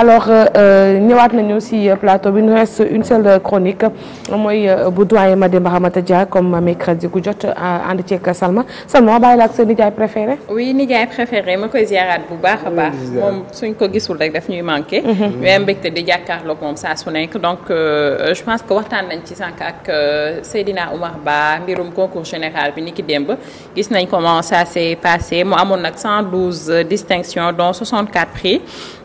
alors euh, euh, ñëwaat nañu ci euh, plateau bi nous reste une seule chronique mooy bu doyen Mademba Ramata Dia comme mercredi gu jot ànd ceeg Salma Salma bàyyi la ak sa nijaay préféré. oui nijaay préféré ma koy ziaraat bu baax a baax. moom suñ ko gisul day daf ñuy manqué. ñu mhm. mhm. am mbégte di jàkkaarloog moom saa su nekk donc je pense que waxtaan nañ ci sànq ak Seydina Oumar Ba mbirum concours général bi niki ki démb gis nañ comment ça s'est passé mu amoon nag 112 distinctions dont 64 prix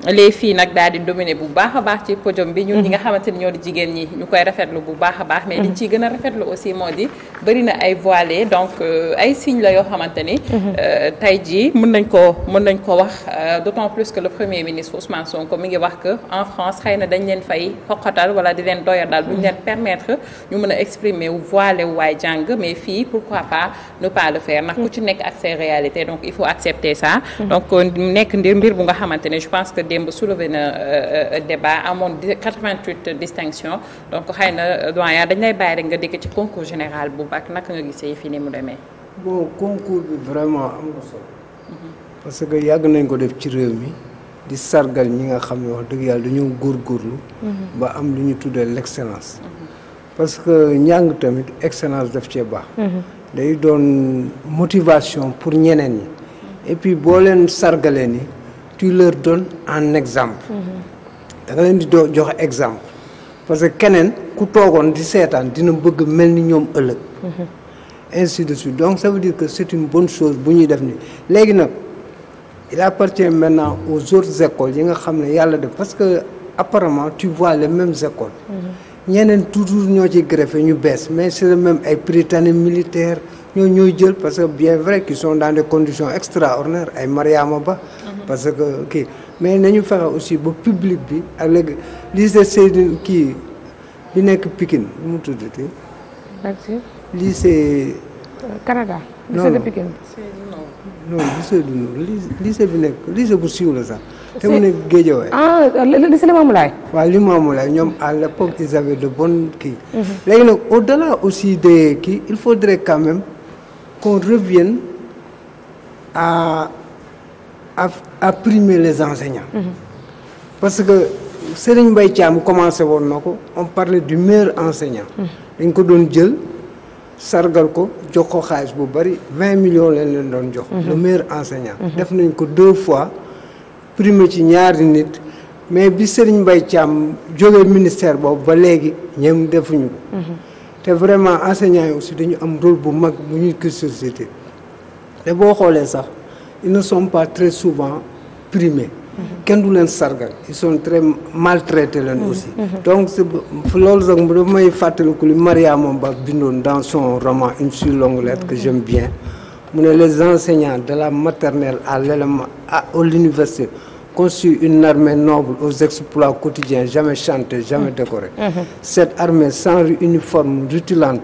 les filles nag. daal di dominer bu baax a ci podium bi ñun ñi mhm. nga xamante ñoo di jigéen ñi ñu koy rafetlu bu baax a baax mais liñ mhm. ciy gën a rafetlu aussi moo di bëri na ay voilées donc euh, ay signes la yoo xamante ni mhm. euh, tey jii nañ ko mën nañ ko wax euh, d'autant plus que le premier ministre Ousmane Sonko mi ngi wax que en France xëy na dañ leen fay xoqatal wala di leen doya daal buñ leen permettre ñu mën a exprimer wu voilé wu waay jàng mais fii pourquoi pas ne pas le faire ndax ku Euh, euh, débat amoon 88 distinctions donc xëy na euh, doyen dañ lay bàyyi rek nga dikk ci concours général bu bac naka nga gisee fi ni mu demee. concours bi vraiment am na solo. Mhm. parce que yàgg nañ ko def ci réew mi di sargal ñi nga xam ne wax dëgg yàlla dañoo góorgóorlu. Mhm. ba am lu ñu tuddee l' excellence. Mhm. parce que njàng tamit excellence daf cee baax. day doon motivation pour ñeneen ñi. et puis boo leen sargalee ni tu leur donnes un exemple da nga leen di doo joxe exemple parce que keneen ku toogoon di seetaan dina bëgg mel ni ñoom ëllëg ainsi de suite donc ça veut dire que c'est une bonne chose bu ñuy def ni léegi nag il appartient maintenant aux autres écoles yi nga xam ne yàlla def parce que apparemment tu vois les mêmes écoles mhm. ñeneen ñoo ci greffé ñu bees mais c'est le même ay prytanée militaire ñoo ñooy jël parce que bien vrai qu'ils sont dans des extra extraordinaires ay Mariama Ba mhm. parce que kii mais nañu fexe aussi ba public bi ak léegi lycée kii bi nekk Pikine mu tudd lycée euh, Canada lycée de Pikine non lycée du bu siiw la sax te mu nekk Guédiawaye ah lycée Limamoulaye waaw Limamoulaye ñoom à l'époque ils avaient de bonnes kii mhm. léegi nag au aussi des kii il faudrait quand même qu'on revienne à, à, à, primer les enseignants. Mhm. Parce que Serigne Mbaye Thiam commencé woon na ko on parlait du meilleur enseignant. Mhm. dañ ko doon jël sargal ko jox ko xaalis bu bari vingt million lañ leen doon jox. Mhm. le meilleur enseignant. def nañ ko deux fois primé ci ñaari nit mais bi Serigne Mbaye Thiam jógee ministère boobu ba léegi ñoom defuñu ko. te vraiment enseignants yi aussi dañu am rôle bu mag bu ñuy gis société te boo xoolee sax ils ne sont pas très souvent primés. Mhm. kenn du leen sargal ils sont très maltraités leen mhm. aussi mhm. donc loolu sax damay fàttaliku li Mariama Ba bindoon dans son roman une si longue lettre que j'aime bien mu ne les enseignants de la maternelle à l'élément à l'université conçu une armée noble aux exploits quotidiens jamais chantés jamais décorés mm-hmm. cette armée sans uniforme rutilante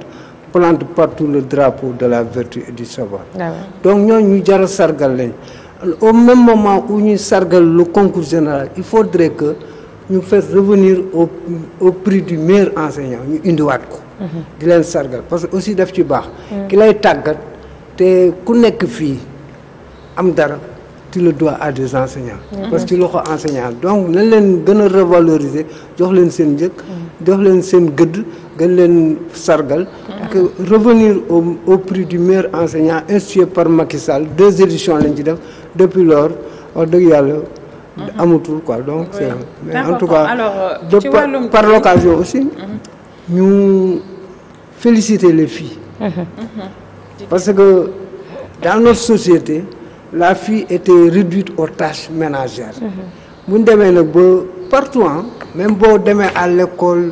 plante partout le drapeau de la vertu et du savoir ah donc ñooñu ñu jara sargal lañ au même moment où ñuy sargal le concours général il faudrait que ñu fasse revenir au au prix du meilleur enseignant ñu indiwaat ko mm-hmm. di leen sargal parce que aussi daf ci baax mm. ki lay tàggat te ku nekk fii am dara tu le dois à des enseignants. parce que ci loxo enseignant donc nañ leen gën a jox leen seen njëkk. jox leen seen gëdd gën leen sargal. que revenir au au prix du meilleur enseignant institué par Macky Sall deux éditions lañ ci def depuis lors wax dëgg yàlla. amatul quoi donc. Oui. mais en tout cas alors euh, par l'occasion aussi. Mm-hmm. ñu féliciter les fii mm-hmm. mm-hmm. parce que dans notre société. la fille était réduite aux tâches ménagères bu ñu demee nag ba partout hein, même boo demee à l'école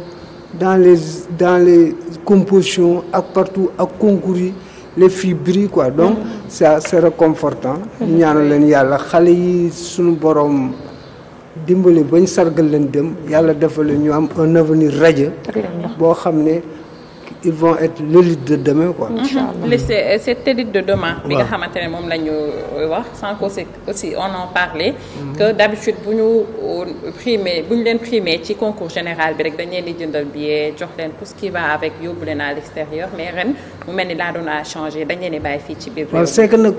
dans les dans les compositions ak partout ak concours les filles brillent quoi donc ça c'est réconfortant ñaanal leen yàlla xale yi suñu boroom dimbali bañ sargal leen dem yàlla defal leen ñu am un avenir radieux boo xam ne ils vont être l'élite de demain quoi. Mhm. incha allah euh, de demain. bi nga xamante ne moom la ñu euh, wax sans que aussi on en parlait. Mhm. que d'habitude bu ñu euh, primé bu ñu leen primé ci concours général bi rek dañ leen di jëndal billet jox leen tout ce qui va avec yóbbu leen à l'extérieur mais ren mu mel ni daa doon a changé dañ leen di bàyyi fii ci biir. waaw c'est que nag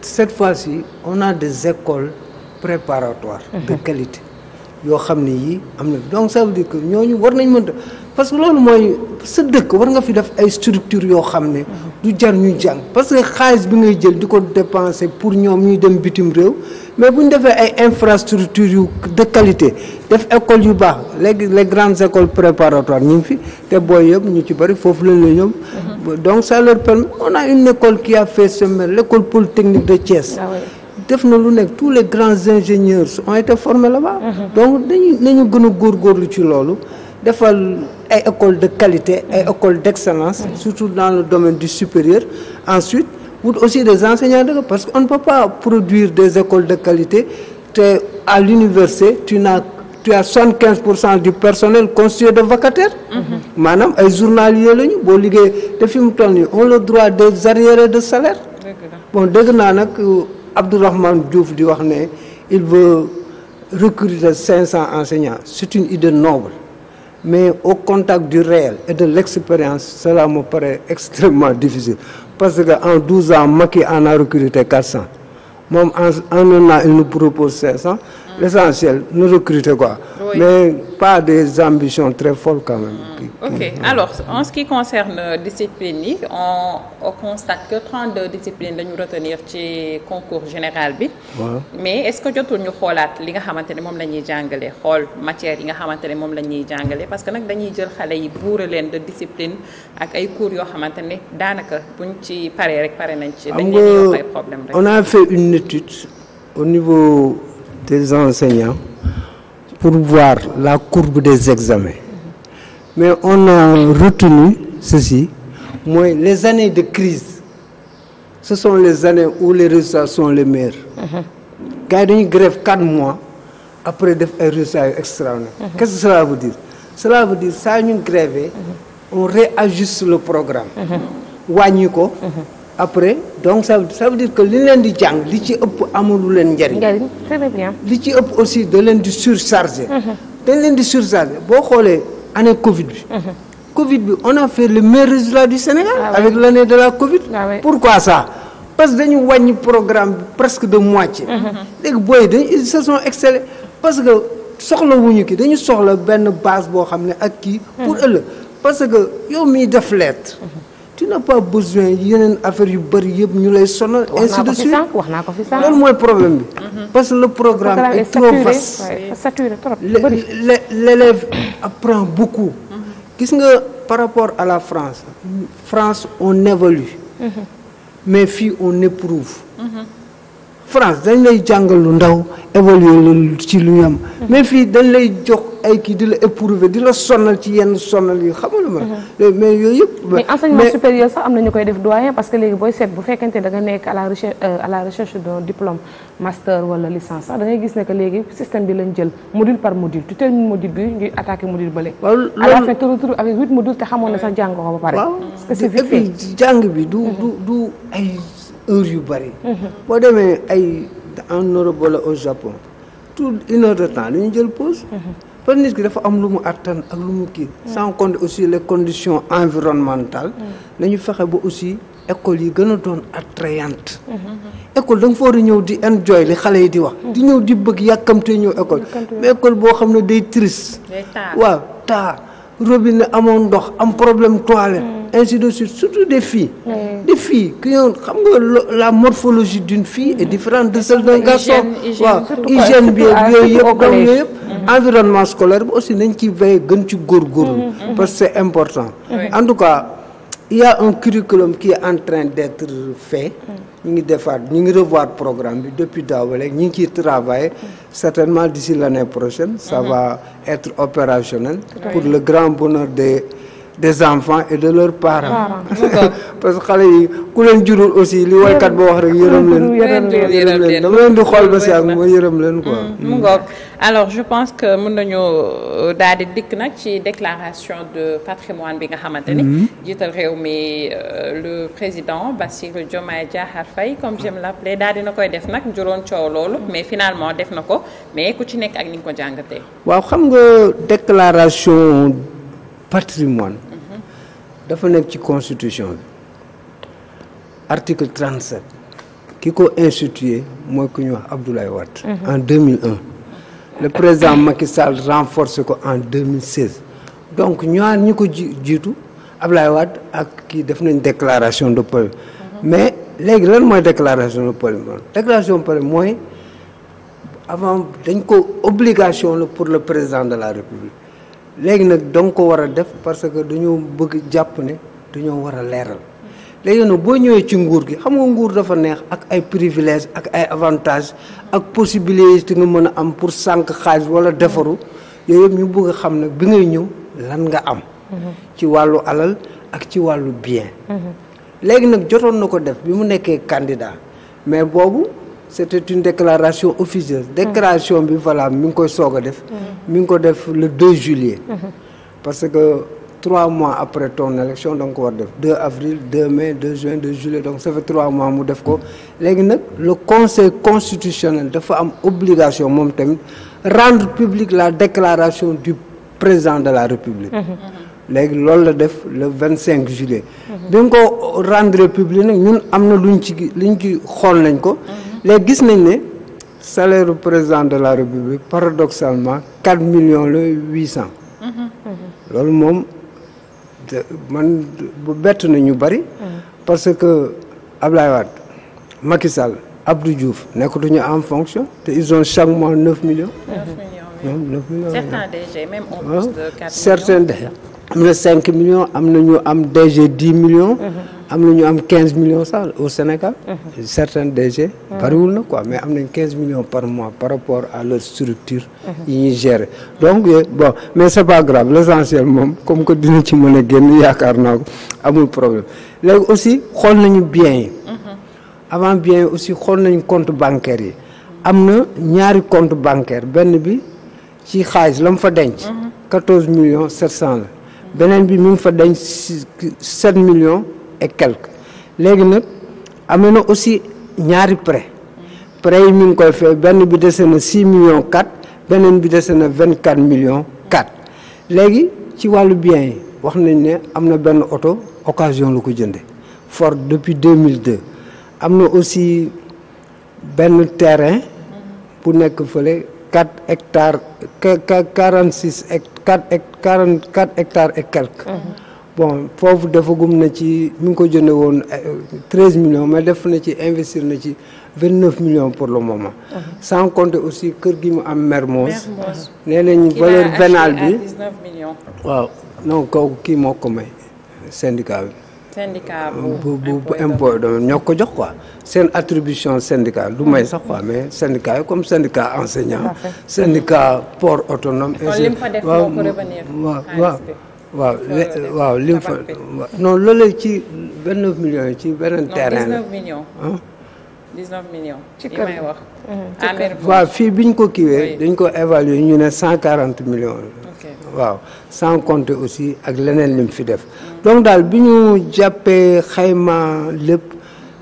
cette fois-ci on a des écoles préparatoires. de mhm. qualité. yoo xam ne yii am na donc ça veut dire que ñooñu war nañ mënta parce que loolu mooy sa dëkk war nga fi def ay structure yoo xam ne du jar ñuy jàng parce que xaalis bi ngay jël di ko dépenser pour ñoom ñuy dem bitim réew mais bu ñu defee ay infrastructure yu de qualité def école yu baax léegi les grandes écoles préparatoires ñu ngi fi te booy yëpp ñu ci bëri foofu lañ la ñoom mhm. donc ça leur permet on a une école qui a fait semelle l'école polytechnique de Thiès ah ouais. def na lu nekk tous les grands ingénieurs ont été formés là-bas. Mhm. donc dañu nañu gën a góorgóorlu ci loolu defal ay école de qualité ay école d'excellence mhm. surtout dans le domaine du supérieur ensuite wut aussi des enseignants de parce que ne peut pas produire des écoles de qualité te à l'université tu n'as tu as 75 pour cent du personnel constitué de vacataires mhm. maanaam ay journaliers lañu boo liggéey te fi mu toll nii on le droit des arriérés de salaire bon Abdourahmane Diouf di wax ne il veut recruter 500 enseignants c'est une idée noble mais au contact du réel et de l'expérience cela me paraît extrêmement difficile parce que en douze ans Macky en a recruté 400 moom en en un an il nous propose 500 l'essentiel nous recruter quoi oui. mais pas des ambitions très folles quand même. Mm. ok alors en ce qui concerne euh, discipline yi on, on constate que 32 disciplines la ñu retenir ci concours général bi. mais est-ce que jotul ñu xoolaat li nga xamante ne moom la ñuy jàngale xool matière yi nga xamante ne moom la ñuy jàngale parce que nag dañuy jël xale yi buure leen de discipline ak ay cours yoo xamante ni daanaka buñ ci paree rek pare nañ ci. dañ leen ay problème rek on a niveau des enseignants. pour voir la courbe des examens mais on a retenu ceci mooy les années de crise ce sont les années où les résultats les maires uh-huh. gars yi dañuy grève quatre mois après def ay résultats extra extraordinaire uh-huh. quest cela veut dire cela veut dire saa ñu grève uh-huh. on réajuste le programme wàññi ko après donc sa ça dire que li leen di jàng li ci ëpp amulu leen njariñ li ci ëpp aussi da leen di surchargé mhm. dañ leen di surchargé boo xoolee année Covid bi mhm. Covid bi on a fair le meilleur résultat du Sénégal ah avec oui. l'année de la Covid ah pourquoi ça parce que dañu wàññi programme bi presque de moitié mhm. léegi booy dañu ils se sont excellés parce que soxla wuñu ki dañu soxla benn base boo xam ne ak kii pour ëllëg parce que yow miy def lettre tu n'as pas besoin yeneen affaire yu bëri yëpp ñu lay sonal. ainsi de suite wax naa ko fi sànq loolu mooy problème bi. Mhm. parce que le programme est trop vaste. saturé trop bëri l'élève apprend beaucoup. Mhm. gis nga par rapport à la France France on évalue. Mhm. mais fii on éprouve. France dañ lay jàngal lu ndaw évoluer ci lu ñu mais fii dañ lay jox ay kii di la éprouver di la sonnal ci yenn sonnal yi xam nga ma mhm. mais yooyu yëpp mais enseignement supérieur sax am na ñu koy def doyen parce que léegi booy seet bu fekkente da nga nekk à la recherche euh, à la recherche d'un diplôme master wala licence sax da gis ne que léegi système bi lañ jël module par module tu termines module bi ñuy attaqué module bële à la fin avec huit modules te xamoon na bi du mhm. du du heure yu bëri mhm. boo demee ay en Europe wala au Japon tout une heure de temps dañu jël pause mhm. par nit ki dafa am lu mu attan ak lu mu kii mhm. sans compter aussi les conditions environnementales nañu fexe ba aussi école yi gën a doon attrayante école da nga fa war a ñëw di enjoy li xale yi di wax di ñëw di bëgg yàkkamte ñëw école mais école boo xam ne day triste waaw taa robinet amoon ndox am problème toilette mm. ainsi de suite surtout des filles des filles qui ont xam nga la morphologie d'une fille est différente de celle d'un garçon waaw hygiène bi yooyu yëpp donc yooyu yëpp environnement scolaire bi aussi nañ ci veiller gën ci góorgóorlu mm-hmm. parce que c'est important mm-hmm. en tout cas il un curriculum qui est en train d'être fait ñu ngi defaat ñu ngi revoir programme bi depuis daaw rek ñu ngi ciy travailler certainement d'ici l'année prochaine ça mm-hmm. va être opérationnel pour le grand bonheur des des enfants et de leurs parents. parce que xale yi ku leen jurul aussi li woykat ba wax rek yërëm leen. yërëm leen dama leen di xool ba si ak ma yërëm leen quoi. Mm, mu ngoog alors je pense que mën nañoo euh, daal di dikk nag ci déclaration de bi nga xamante ni. Mm-hmm. jiital réew mi euh, le président Bassirou Diomaye Diakhar Faye comme j'aime l'appeler daal dina koy def nag juróon coow loolu mais finalement def na ko mais ku ci nekk ak ni nga ko jàngatee. waaw xam nga déclaration patrimoine. dafa nekk ci constitution bi article 37 ki ko institué mooy ku ñuy wax Abdoulaye Wade. Mhm. en 2001 le président Macky Sall renforcé ko en 2016 donc ñaar ñi ko ji jiitu Abdoulaye ak kii def nañ déclaration de problème mhm. mais léegi lan mooy déclaration de problème déclaration de problème mooy avant dañ ko obligation la pour le président de la République. léegi nag da nga ko war a def parce que dañoo bëgg jàpp ne dañoo war a leeral léegi nag boo ñëwee ci nguur gi xam nga nguur dafa neex ak ay privilège ak ay avantage ak possibilité nga mën a am pour sànq xaalis wala defaru yooyu yëpp ñu bëgg a xam nag bi ngay ñëw lan nga am ci wàllu alal ak ci wàllu bien léegi nag jotoon na ko def bi mu nekkee candidat mais boobu c'était une déclaration officieuse déclaration bi voilà mu ngi koy soog a def mi ngi ko def le 2 juillet. parce que trois mois après ton élection da nga ko war def 2 avril 2 mai 2 juin 2 donc ça fait trois mois mu def ko léegi nag le conseil constitutionnel dafa am obligation moom tamit rendre publique la déclaration du président de la république. léegi loolu la def le vingt cinq juillet. bi nga ko rendre publique nag ñun am na luñ ci luñ ci xool nañ ko. léegi gis nañ ne. salaire du président de la république paradoxalement quatre millions la huit cent loolu moom man bett na ñu bëri parce que Ablaye Wade Macky Sall Abdou Diouf nekkatuñu en fonction te ils ont chaque mois neuf millions. neuf millions oui. non, neuf millions certains DG même en plus de quatre millions. am na cinq millions am na ñu am DG dix million mhm. am na ñu am quinze millions sax au Sénégal. Mhm. certains DG. Mhm. bariwul na quoi mais am nañ quinze millions par mois par rapport à leur structure. yi ñuy gérer donc euh, bon mais c'est pas grave l'essentiel moom comme que dina ci mën a génn yaakaar naa ko amul problème léegi aussi xool nañu bien yi. avant bien yi aussi xool nañu compte bancaire yi. am na ñaari compte banquer benn bi ci xaalis la mu fa denc. million millions sept cent la. beneen bi mu ngi fa dañ si millions et quelque léegi nag amee na aussi ñaari prêt prêt yi mu ngi koy fay benn bi dese na six million quatre beneen bi dese na vingt quatre millions quatre léegi ci wàllu biens yi wax nañ ne am na benn oto occasion lu ko jënde Ford depuis deux mille deux am na aussi benn terrain bu nekk fële 4 hectares 46 e 44 hectares et quelques. Mhm. bon foofu defagum na ci mu ngi ko jëndee woon 13 euh, millions mais def na ci investir na ci 29 million pour le moment. Mhm. sans compter aussi kër gi mu am Mermoz. nee nañu valeur benal bi waaw non kooku kii moo ko may syndicat bi. syndicat bu bu bu impôt domaine ñoo jox quoi seen attribution syndicat du may sax quoi mais syndicat comme syndicat enseignant syndicat port autonome et waaw waaw waaw waaw li mu fa non loolu ci vingt neuf millions yi ci beneen terrain la 19 millions. Mhm. waaw fii bi ñu ko kiiwee. dañ ko évaluer ñu ne 140 millions la. waaw sans compter aussi ak leneen lim fi def. donc daal bi ñu jàppee xayma lépp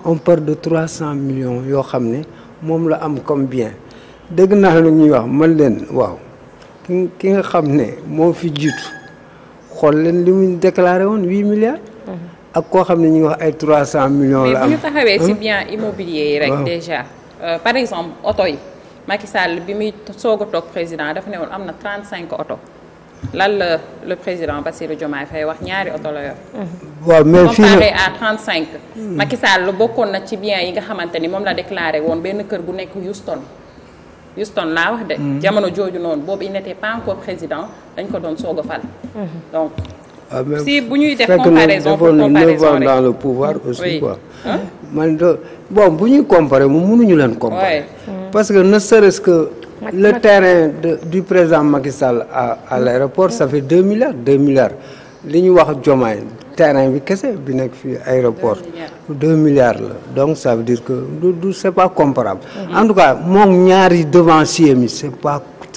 on parle de 300 millions yoo xam ne moom la am comme bien dëgg naa lu ñuy wax man leen waaw ki nga xam ne moo fi jiitu xool leen li mu déclaré woon 8 milliards. ak koo xam ne ñu ngi wax ay trois cent millions la am mais bu ñu taxawee ci yi rek déjà euh, par exemple oto yi Sall bi muy soog a toog président dafa ne woon am na trente cinq oto lan la le président Bassirou Diomaye Faye wax ñaari oto la yor. waaw mais fii comparé à Sall bokkoon na ci biens yi nga xamante ni moom la déclaré woon benn kër gu nekk Houston. Houston laa wax de. Hmm. jamono jooju noonu boobu il n'était président dañ ko doon soog a fal. Hmm. donc si bu ñuy def comparaison dans le pouvoir aussi quoi. man de bon bu ñuy comparer mu mënuñu leen comparer. Mm. parce que ne serait que. le terrain de, du président Macky Sall à à mm. l'aéroport ça fait deux milliards deux milliards li ñu wax Diomaye terrain bi kese bi nekk fii aéroport deux milliards la donc ça veut dire que du du c'est pas comparable. Mm-hmm. en tout cas moom ñaari devancier mi c'est pas.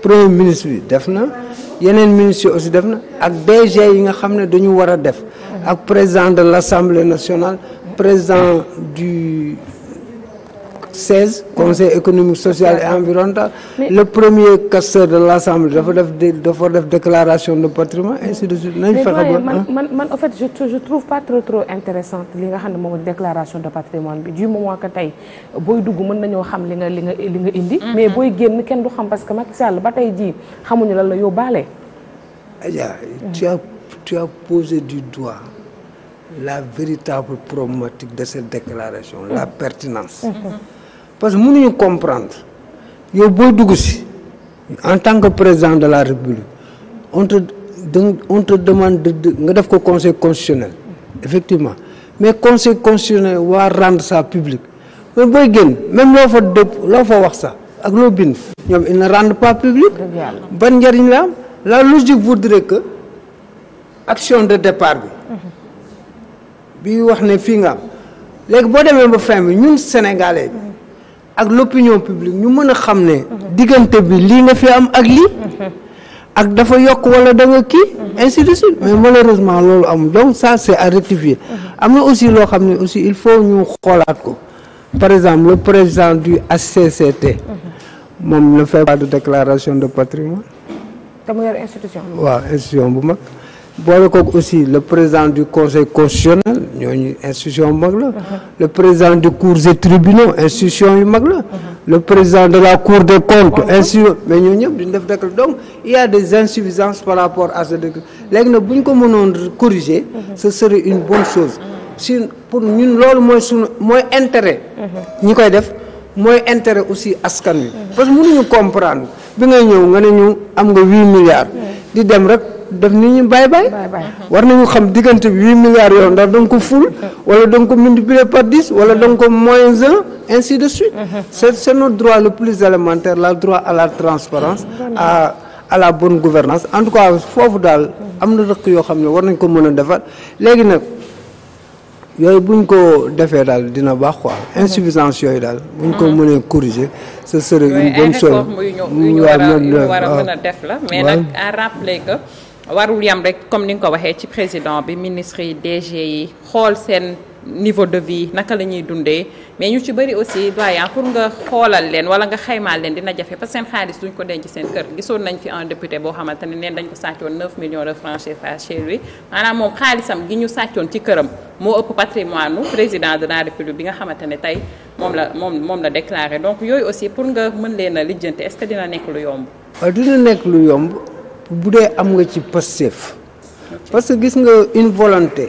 premier ministre bi def na yeneen ministres yi aussi def na ak DG yi nga xam ne dañu war a def ak président de l'Assemblée nationale président du seize conseil économique social et environnemental le premier casseur de l'assemblée dafa def dafa déclaration de patrimoine ainsi de suite nañ fexe ba man fait je trouve pas trop trop intéressante li nga xam ne moom déclaration de patrimoine bi du moment que tey booy dugg mën nañoo xam li nga li nga li indi mm-hmm. mais booy génn kenn du xam parce que Macky Sall ba tey jii xamuñu lan la yóbbaale Adja tu as tu as posé du doigt la véritable problématique de cette déclaration, la mm-hmm. pertinence. Mmh. parce que mënuñu comprendre yow boo dugg si en tant que président de la république on te demande de nga def ko conseil constitutionnel effectivement mais conseil constitutionnel waa rendre ça publique mais booy génn même loo fa dëpp loo fa wax sax ak loo bind ñoom ils ne rendent pas public ban njëriñ la am la logique voudrait que action de départ bi mhm. bi wax ne fii nga léegi boo demee ba fin bi ñun sénégalais bi ak l'opinion publique ñu mën a xam ne diggante bi lii nga fi am ak lii ak dafa yokk wala danga nga kii ainsi de mais malheureusement loolu am donc ça c'est a rectifier am na aussi loo xam ne aussi il faut ñu xoolaat ko par exemple le président du HCCT moom ne fait pas de déclaration de patrimoine waaw institution bu mag boole ko aussi le président du conseil constitutionnel ñooñu institution yu mag la le président du cours et tribunaux institution yu mag la le président de la cour de comptes institution mais ñoo ñëpp duñ def décret donc il y des insuffisances par rapport à ce décret léegi nag bu ñu ko mënoon corriger ce serait une bonne chose si pour ñun loolu mooy su mooy intérêt ñi koy def mooy intérêt aussi askan wi parce que mënuñu comprendre bi ngay ñëw nga ne ñu am nga di dem rek def ni ñu bay bay war nañu xam diggante bi huit milliards yow ndax da nga ko ful wala da nga ko multiplier par dix wala da nga ko moins un ainsi de suite c'est c'est droit le plus élémentaire la droit à la transparence à à la bonne gouvernance en tout cas foofu daal am na rëq yoo xam ne war nañ ko mën a defar léegi nag yooyu buñ ko defee daal dina baax quoi insuffisance yooyu daal buñ ko mënee corriger ce serait une bonne chose waaw ñoom a mën la mais nag à rappeler warul yam rek comme ni nga ko waxee ci président bi ministre yi DG yi xool seen niveau de vie naka la ñuy dundee mais ñu ci bëri aussi doyen pour nga xoolal leen wala nga xaymaal leen dina jafe parce que seen xaalis duñ ko denc seen kër gisoon nañ fi en député boo xamante ne neen dañ ko sàccoon 9 millions de francs CFA chez lui maanaam moom xaalisam gi ñu sàccoon ci këram moo ëpp patrimoine nu président de la république bi nga xamante ne tey moom la moom la déclaré donc yooyu aussi pour nga mën leen a lijjanti est-ce que dina nekk yomb. bu dee am nga ci Pastef parce que gis nga une volonté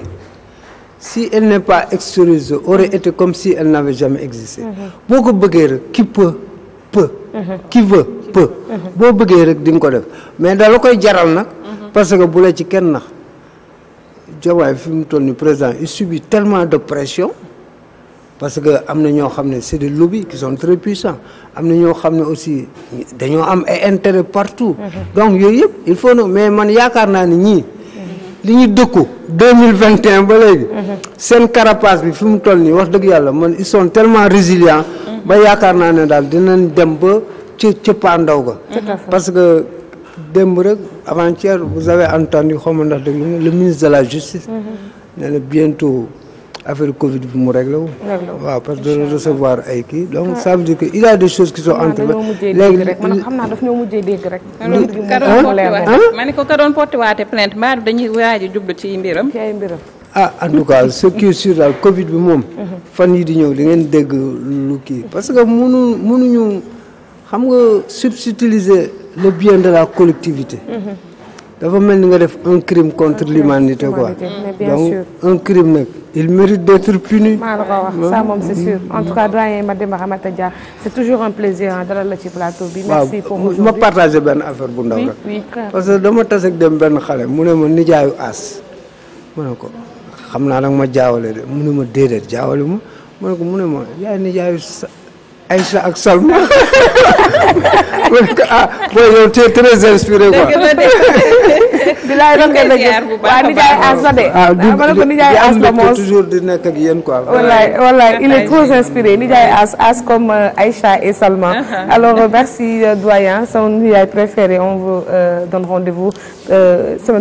si elle n'est pas extériorisée aurait été comme si elle n'avait jamais existé mhm. boo ko bëggee rek qui peut peut qui mhm. mhm. boo bëggee rek di ko def mais da koy jaral nag parce que bu la ci kenn na Diomaye fi mu toll ni président il subit tellement de pression parce que am na ñoo xam ne c'est des lobbies qui sont très puissants am ñoo xam ne aussi dañoo am ay intérêt partout mhm. donc yooyu yëpp il faut na mais man yaakaar naa ne ñii li ñu dëkku deux mille vingt et ba léegi mhm. seen carapace bi fi mu toll nii wax dëgg yàlla man ils sont tellement résilients mhm. ba yaakaar naa ne daal dinañ dem ba ci cëppaandaw ga parce que démb rek avant-hier vous avez entendu xaw ma ndax dëgg le ministre de la justice nee na affaire Covid bi mu réglé wu. waaw parce que doon recevoir ay kii donc ah. ça veut dire que il y a des choses qui sont entre. léegi rek. ma ne ko ka doon porté plainte mbaa dañuy waaj a jublu ci mbiram. mbiram. ah en tout cas ce qui est daal Covid bi moom. Mhm. fan yi di ñëw di ngeen dégg lu kii parce que munu munuñu xam nga subtiliser le bien de la collectivité. Mhm. dafa mel ni nga def un crime contre l'humanité quoi donc un crime nag il mérite d'être puni. maa la ko wax ça moom c'est sûr mm-hmm. en tout cas doyen Mademba Ramata Dia c'est toujours un plaisir dalal la ci plateau bi. merci ma partagé benn affaire bu ndaw rek. oui parce que dama tas ak dem benn xale mu ne ma jaayo aas ma ne ko xam naa nag ma jaawale de mu ne ma déedéet jaawale ma ma ne ko mu ne ma yaay nijaayu sa. Aïcha ak Salma ma ne ko ah booy yow tey très inspiré quoi. bilaay doon nga dëgg waaw nijaay Asma de. ah du du toujours di nekk ak yéen quoi. wallaay wallaay il est trop inspiré nijaay As As comme euh, Aïcha et Salma. Uh-huh. alors euh, merci euh, doyen son nijaay préféré on vous donne rendez-vous semaine.